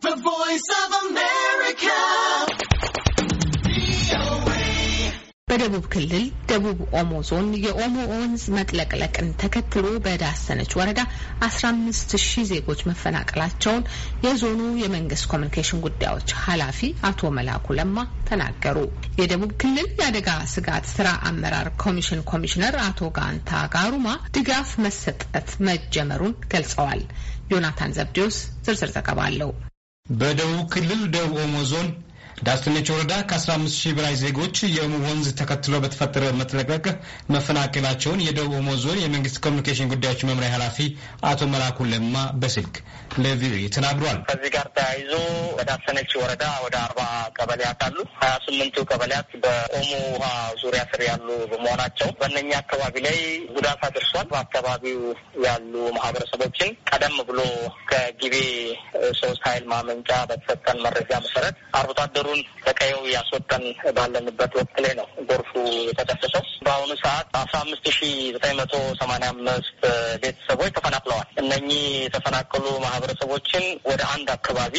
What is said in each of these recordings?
The Voice of America. በደቡብ ክልል ደቡብ ኦሞ ዞን የኦሞ ወንዝ መጥለቅለቅን ተከትሎ በዳሰነች ወረዳ አስራ አምስት ሺህ ዜጎች መፈናቀላቸውን የዞኑ የመንግስት ኮሚኒኬሽን ጉዳዮች ኃላፊ አቶ መላኩ ለማ ተናገሩ። የደቡብ ክልል የአደጋ ስጋት ስራ አመራር ኮሚሽን ኮሚሽነር አቶ ጋንታ ጋሩማ ድጋፍ መሰጠት መጀመሩን ገልጸዋል። ዮናታን ዘብዴዎስ ዝርዝር ዘገባ አለው። በደቡብ ክልል ደቡብ ኦሞ ዞን ዳስተነች ወረዳ ከ15 ሺህ በላይ ዜጎች የኦሞ ወንዝ ተከትሎ በተፈጠረ መጥለቅለቅ መፈናቀላቸውን የደቡብ ኦሞ ዞን የመንግስት ኮሚኒኬሽን ጉዳዮች መምሪያ ኃላፊ አቶ መላኩ ለማ በስልክ ለቪኦኤ ተናግሯል። ከዚህ ጋር ተያይዞ በዳስተነች ወረዳ ወደ አርባ ቀበሌያት አሉ። ሀያ ስምንቱ ቀበሌያት በኦሞ ውሃ ዙሪያ ስር ያሉ በመሆናቸው በእነኛ አካባቢ ላይ ጉዳት አድርሷል። በአካባቢው ያሉ ማህበረሰቦችን ቀደም ብሎ ከጊቤ ሶስት ኃይል ማመንጫ በተሰጠን መረጃ መሰረት አርብቶ አደሩ አገሩን ከቀየው እያስወጠን ባለንበት ወቅት ላይ ነው ጎርፉ የተከሰተው። በአሁኑ ሰዓት አስራ አምስት ሺ ዘጠኝ መቶ ሰማኒያ አምስት ቤተሰቦች ተፈናቅለዋል። እነኚህ የተፈናቀሉ ማህበረሰቦችን ወደ አንድ አካባቢ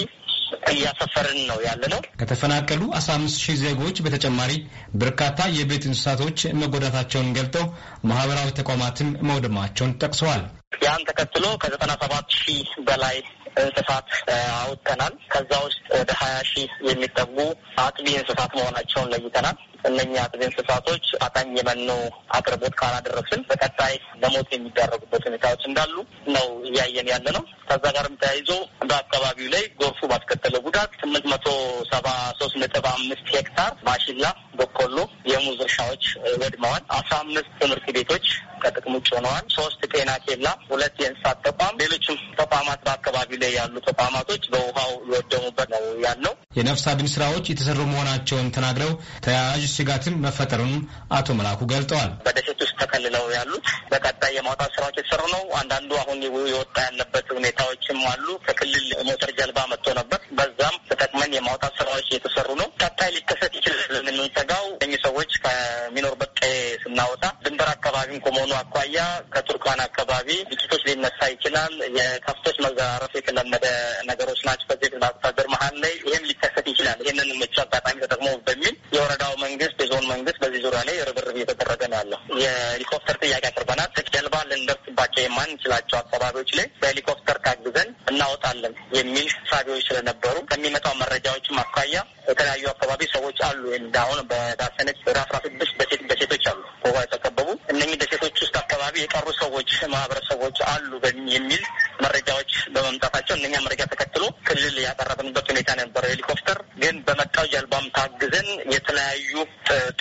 እያሰፈርን ነው ያለ ነው። ከተፈናቀሉ አስራ አምስት ሺህ ዜጎች በተጨማሪ በርካታ የቤት እንስሳቶች መጎዳታቸውን ገልጠው ማህበራዊ ተቋማትም መውደማቸውን ጠቅሰዋል። ያን ተከትሎ ከዘጠና ሰባት ሺህ በላይ እንስሳት አውጥተናል። ከዛ ውስጥ ወደ ሀያ ሺህ የሚጠጉ አጥቢ እንስሳት መሆናቸውን ለይተናል። እነኛ አጥቢ እንስሳቶች አጣኝ የመኖ አቅርቦት ካላደረስን በቀጣይ ለሞት የሚዳረጉበት ሁኔታዎች እንዳሉ ነው እያየን ያለ ነው። ከዛ ጋርም ተያይዞ በአካባቢው ላይ ጎርፉ ባስከተለው ጉዳት ስምንት መቶ ሰባ ሶስት ነጥብ አምስት ሄክታር ማሽላ፣ በቆሎ፣ የሙዝ እርሻዎች ወድመዋል። አስራ አምስት ትምህርት ቤቶች ከጥቅም ውጭ ሆነዋል። ሶስት ጤና ኬላ፣ ሁለት የእንስሳት ተቋም፣ ሌሎችም ተቋማት በአካባቢው ላይ ያሉ ተቋማቶች በውሃው የወደሙበት ነው ያለው። የነፍስ አድን ስራዎች የተሰሩ መሆናቸውን ተናግረው ተያያዥ ስጋትም መፈጠሩን አቶ መላኩ ገልጠዋል። በደሴት ውስጥ ተከልለው ያሉት በቀጣይ የማውጣት ስራዎች የተሰሩ ነው። አንዳንዱ አሁን የወጣ ያለበት ሁኔታ ሁኔታዎችም አሉ። ከክልል ሞተር ጀልባ መጥቶ ነበር። በዛም ተጠቅመን የማውጣት ስራዎች እየተሰሩ ነው። ቀጣይ ሊከሰት ይችላል። የምንሰጋው እኚህ ሰዎች ከሚኖርበት ቀዬ ስናወጣ ድንበር አካባቢም ከመሆኑ አኳያ ከቱርካን አካባቢ ግጭቶች ሊነሳ ይችላል። የከፍቶች መዘራረፍ የተለመደ ነገሮች ናቸው። በዚህ ወታደር መሀል ላይ ይህም ሊከሰት ይችላል። ይህንን ምቹ አጋጣሚ ተጠቅሞ በሚል ላይ ርብርብ እየተደረገ ነው ያለው። የሄሊኮፕተር ጥያቄ አቅርበናል። ጀልባ ልንደርስባቸው የማንችላቸው አካባቢዎች ላይ በሄሊኮፕተር ታግዘን እናወጣለን የሚል ሳቢዎች ስለነበሩ ከሚመጣው መረጃዎችም አኳያ የተለያዩ አካባቢ ሰዎች አሉ። እንዳሁን በዳሰነች ወደ አስራ ስድስት ደሴት ደሴቶች አሉ ውሃ የተከበቡ እነኚህ ደሴቶች ውስጥ አካባቢ የቀሩ ሰዎች ማህበረሰቦች አሉ የሚል መረጃዎች በመምጣታቸው እነኛ መረጃ ተከትሎ ክልል ያቀረብንበት ሁኔታ ነበረው። ሄሊኮፕተር ግን በመጣው ጀልባም ታግዘን የተለያዩ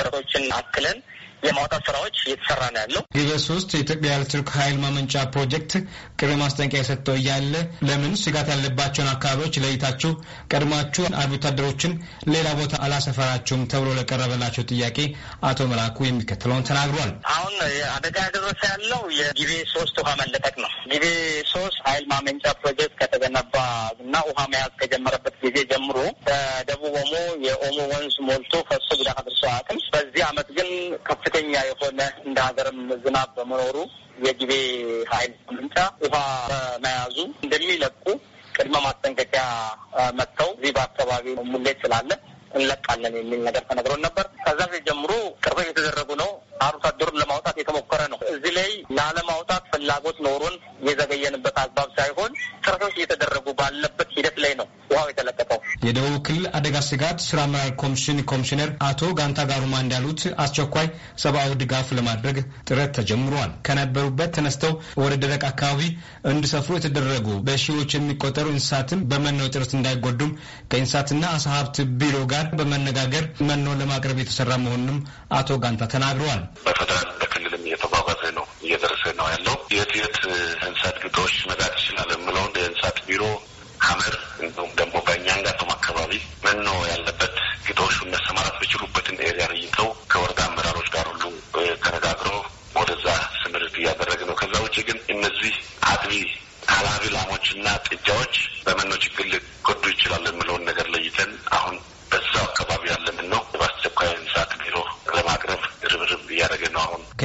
ጥረቶችን አክለን የማውጣት ስራዎች እየተሰራ ነው ያለው። ሪቨር ሶስት የኢትዮጵያ ኤሌክትሪክ ኃይል ማመንጫ ፕሮጀክት ቅድመ ማስጠንቀቂያ የሰጠው እያለ ለምን ስጋት ያለባቸውን አካባቢዎች ለይታችሁ ቀድማችሁ አርቢ ወታደሮችን ሌላ ቦታ አላሰፈራችሁም ተብሎ ለቀረበላቸው ጥያቄ አቶ መላኩ የሚከተለውን ተናግሯል። አሁን አደጋ ያደረሰ ያለው የጊቤ ሶስት ውሃ መለጠቅ ነው። ጊቤ ሶስት ኃይል ማመንጫ ፕሮጀክት ከተገነባ እና ውሃ መያዝ ከጀመረበት ጊዜ ጀምሮ በደቡብ ኦሞ የኦሞ ወንዝ ሞልቶ ፈሶ ጉዳት አድርሶ በዚህ ከፍተኛ የሆነ እንደ ሀገርም ዝናብ በመኖሩ የጊቤ ኃይል ምንጫ ውሃ በመያዙ እንደሚለቁ ቅድመ ማስጠንቀቂያ መጥተው እዚህ በአካባቢ ሙሌት ስላለ እንለቃለን የሚል ነገር ተነግሮን ነበር። ከዛ ጊዜ ጀምሮ ቅርበ የተደረጉ ነው። አርሶ አደሩን ለማውጣት የተሞከረ ነው። እዚህ ላይ ላለማውጣት ፍላጎት ኖሮን የዘገየንበት አግባብ ሳይሆን ጥረቶች እየተደረጉ ባለበት ሂደት ላይ ነው ውሃው የተለቀ የደቡብ ክልል አደጋ ስጋት ስራ አመራር ኮሚሽን ኮሚሽነር አቶ ጋንታ ጋሩማ እንዳሉት አስቸኳይ ሰብአዊ ድጋፍ ለማድረግ ጥረት ተጀምሯል። ከነበሩበት ተነስተው ወደ ደረቅ አካባቢ እንዲሰፍሩ የተደረጉ በሺዎች የሚቆጠሩ እንስሳትን በመኖ ጥረት እንዳይጎዱም ከእንስሳትና አሳ ሀብት ቢሮ ጋር በመነጋገር መኖ ለማቅረብ የተሰራ መሆኑንም አቶ ጋንታ ተናግረዋል። ነው እየደረሰ ነው ያለው የት የት እንስሳት ግጦሽ መጋት ይችላል የምለውን የእንስሳት ቢሮ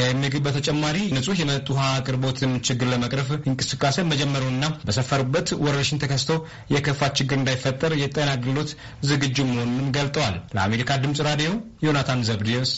ከምግብ በተጨማሪ ንጹህ የመጠጥ ውሃ አቅርቦትን ችግር ለመቅረፍ እንቅስቃሴ መጀመሩንና በሰፈሩበት ወረርሽኝ ተከስቶ የከፋ ችግር እንዳይፈጠር የጤና አገልግሎት ዝግጁ መሆኑንም ገልጠዋል። ለአሜሪካ ድምጽ ራዲዮ ዮናታን ዘብዲዮስ